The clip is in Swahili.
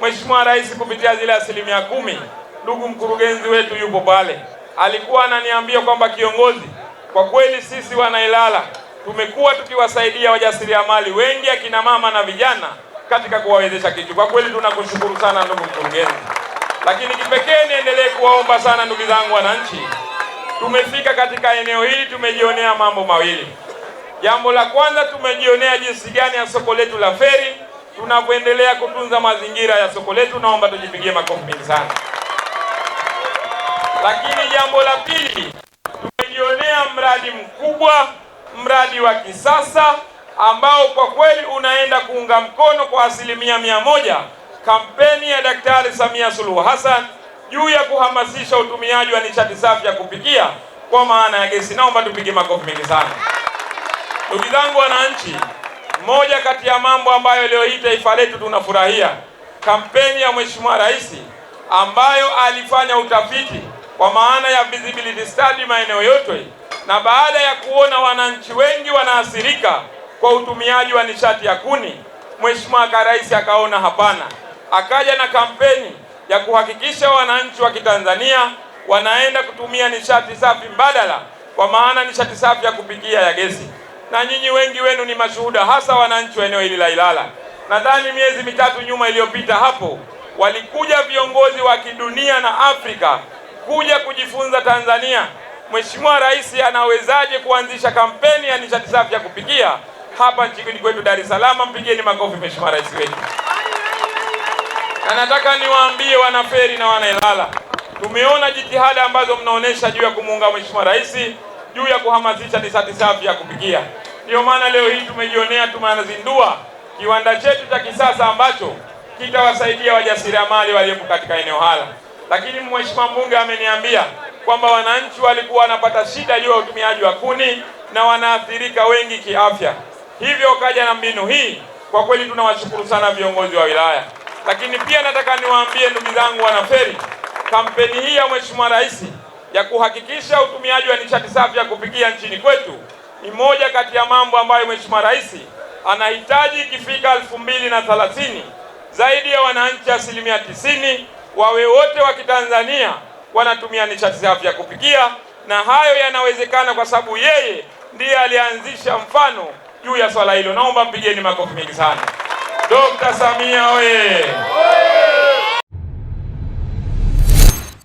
Mheshimiwa Rais kupitia zile asilimia kumi, ndugu mkurugenzi wetu yupo pale, alikuwa ananiambia kwamba kiongozi, kwa kweli sisi Wanailala tumekuwa tukiwasaidia wajasiriamali wengi, akina mama na vijana katika kuwawezesha kitu. Kwa kweli tunakushukuru sana ndugu mkurugenzi, lakini kipekee niendelee kuwaomba sana ndugu zangu wananchi. Tumefika katika eneo hili, tumejionea mambo mawili. Jambo la kwanza tumejionea jinsi gani ya soko letu la Feri tunapoendelea kutunza mazingira ya soko letu, naomba tujipigie makofi mengi sana. Lakini jambo la pili, tumejionea mradi mkubwa, mradi wa kisasa ambao kwa kweli unaenda kuunga mkono kwa asilimia mia moja kampeni ya Daktari Samia Suluhu Hassan juu ya kuhamasisha utumiaji wa nishati safi ya kupikia kwa maana ya gesi. Naomba tupige makofi mengi sana, ndugu zangu wananchi. Moja kati ya mambo ambayo leo hii taifa letu tunafurahia kampeni ya Mheshimiwa Rais ambayo alifanya utafiti kwa maana ya visibility study maeneo yote, na baada ya kuona wananchi wengi wanaathirika kwa utumiaji wa nishati ya kuni, Mheshimiwa Rais akaona hapana, akaja na kampeni ya kuhakikisha wananchi wa Kitanzania wanaenda kutumia nishati safi mbadala, kwa maana nishati safi ya kupikia ya gesi na nyinyi wengi wenu ni mashuhuda, hasa wananchi wa eneo hili la Ilala. Nadhani miezi mitatu nyuma iliyopita hapo walikuja viongozi wa kidunia na Afrika kuja kujifunza Tanzania, Mheshimiwa Rais anawezaje kuanzisha kampeni ya nishati safi ya kupikia hapa nchini kwetu Dar es Salaam. Mpigieni makofi Mheshimiwa Rais wetu. Na nataka niwaambie wanaferi na wanailala, tumeona jitihada ambazo mnaonesha juu ya kumuunga Mheshimiwa Rais juu ya kuhamasisha nishati safi ya kupikia. Ndiyo maana leo hii tumejionea, tumezindua kiwanda chetu cha kisasa ambacho kitawasaidia wajasiriamali waliopo katika eneo hala. Lakini mheshimiwa mbunge ameniambia kwamba wananchi walikuwa wanapata shida juu ya utumiaji wa kuni na wanaathirika wengi kiafya, hivyo kaja na mbinu hii. Kwa kweli tunawashukuru sana viongozi wa wilaya, lakini pia nataka niwaambie ndugu zangu wanaferi, kampeni hii ya mheshimiwa Rais ya kuhakikisha utumiaji wa nishati safi ya kupikia nchini kwetu ni moja kati ya mambo ambayo Mheshimiwa Rais anahitaji ikifika elfu mbili na thelathini zaidi ya wananchi asilimia tisini wawe wote wa Kitanzania wanatumia nishati safi ya kupikia, na hayo yanawezekana kwa sababu yeye ndiye alianzisha mfano juu ya swala hilo. Naomba mpigeni makofi mengi sana Dr. Samia oye!